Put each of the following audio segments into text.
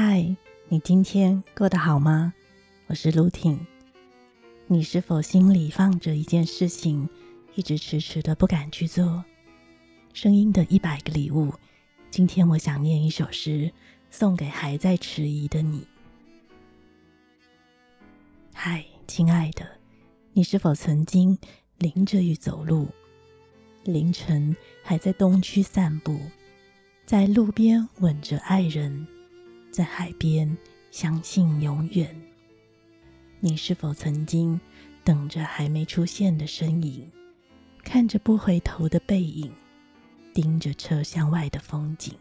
嗨，你今天過得好嗎？我是露婷。你是否心裡放着一件事情，一直遲遲的不敢去做？聲音的一百個禮物，今天我想念一首詩，送給還在遲疑的你。嗨，親愛的，你是否曾經淋着雨走路？凌晨還在東區散步，在路邊吻着愛人。在海邊，相信永遠。你是否曾經等着還沒出現的身影，看着不回頭的背影，盯着車廂外的風景，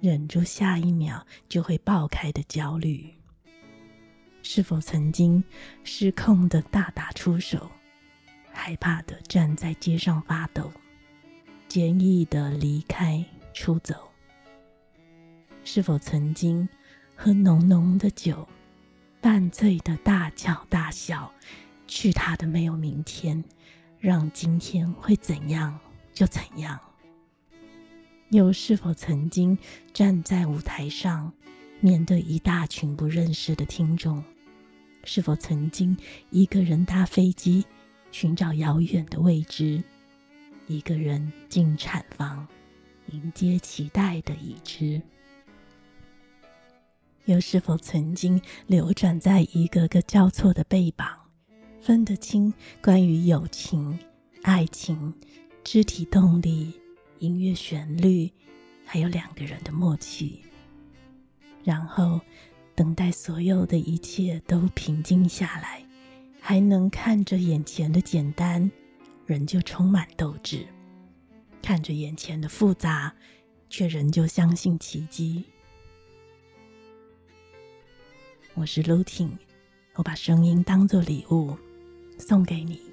忍住下一秒就會爆開的焦慮？是否曾經失控的大打出手，害怕的站在街上發抖，堅毅的離開出走？是否曾經喝濃濃的酒，半醉的大叫大笑？去他的沒有明天，讓今天會怎樣就怎樣。又是否曾經站在舞台上，面對一大群不認識的聽眾？是否曾經一個人搭飛機尋找遙遠的未知，一個人進產房迎接期待的已知？又是否曾經流轉在一個個交錯的背膀，分得清關於友情、愛情、肢體動力、音樂旋律，還有兩個人的默契？然後等待所有的一切都平靜下來，還能看着眼前的簡單，人就充滿鬥志；看着眼前的複雜，卻仍舊相信奇蹟。我是 Lutin，我把聲音當作禮物送給你。